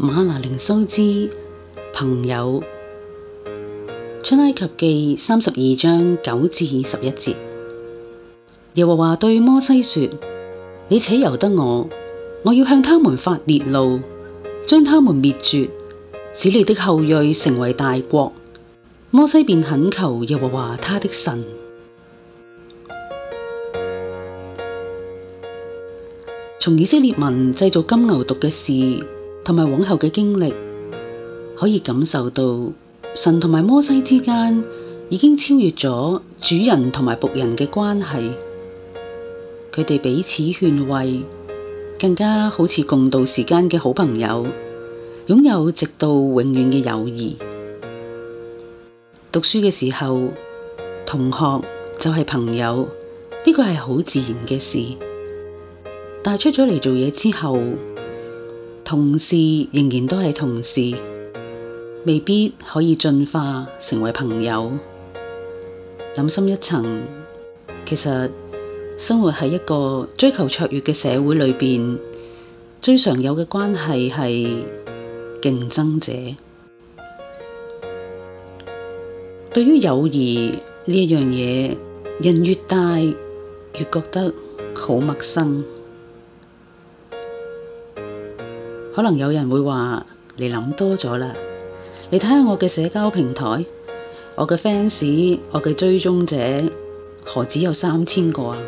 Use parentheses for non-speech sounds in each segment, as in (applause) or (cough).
馬拿靈修之朋友出埃及記三十二章九至十一節，耶和華對摩西說：你且由得我，我要向他們發烈怒，將他們滅絕，使你的後裔成為大國。摩西便懇求耶和華他的神，從以色列民製造金牛犢嘅事。同埋往後嘅經歷，可以感受到神同埋摩西之間已經超越咗主人同埋僕人嘅關係，佢哋彼此勸慰，更加好似共度時間嘅好朋友，擁有直到永遠嘅友誼。讀書嘅時候，同學就係朋友，呢個係好自然嘅事，但係出咗嚟做嘢之後，同事仍然都係同事，未必可以進化成為朋友。諗深一層，其實生活喺一個追求卓越嘅社會裏邊，最常有嘅關係係競爭者。對於友誼呢一樣嘢，人越大越覺得好陌生。可能有人會話你諗多咗啦，你睇下我嘅社交平台，我嘅 fans，我嘅追蹤者，何止有三千個啊？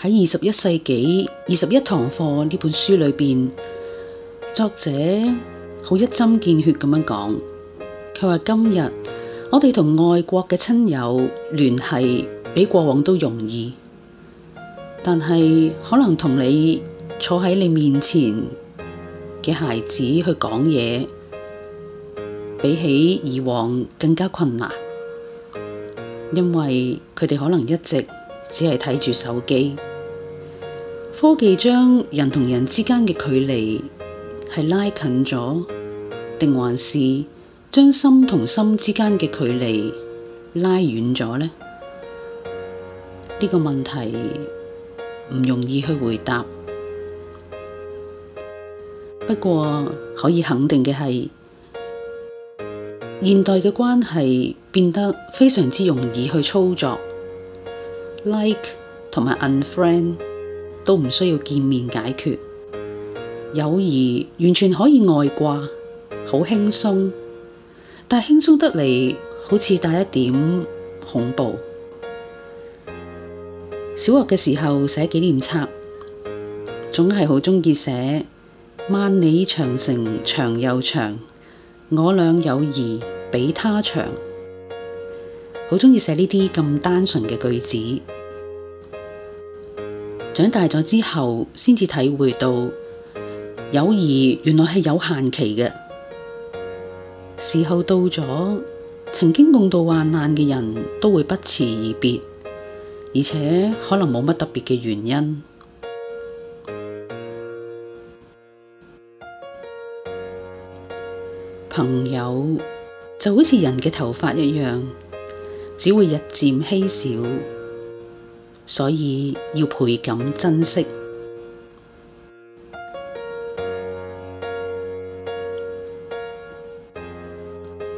喺 (noise) 二十一世紀、二十一堂課呢本書裏邊，作者好一針見血咁樣講，佢話今日我哋同外國嘅親友聯繫比過往都容易。但係可能同你坐喺你面前嘅孩子去講嘢，比起以往更加困難，因為佢哋可能一直只係睇住手機。科技將人同人之間嘅距離係拉近咗，定還是將心同心之間嘅距離拉遠咗呢？呢個問題。唔容易去回答，不過可以肯定嘅係，現代嘅關係變得非常之容易去操作，like 同埋 unfriend 都唔需要見面解決，友誼完全可以外掛，好輕鬆，但輕鬆得嚟好似帶一點恐怖。小學嘅時候寫紀念冊，總係好鍾意寫萬里長城長又長，我倆友誼比他長，好鍾意寫呢啲咁單純嘅句子。長大咗之後，先至體會到友誼原來係有限期嘅，時候到咗，曾經共度患難嘅人都會不辭而別。而且可能冇乜特別嘅原因。朋友就好似人嘅頭髮一樣，只會日漸稀少，所以要倍感珍惜。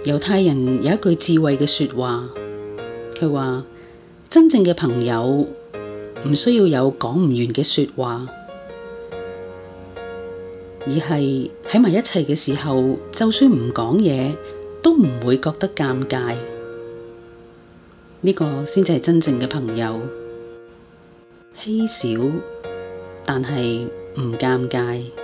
猶太人有一句智慧嘅説話，佢話：真正嘅朋友唔需要有講唔完嘅説話，而係喺埋一齊嘅時候，就算唔講嘢都唔會覺得尷尬。呢個先至係真正嘅朋友，稀少但係唔尷尬。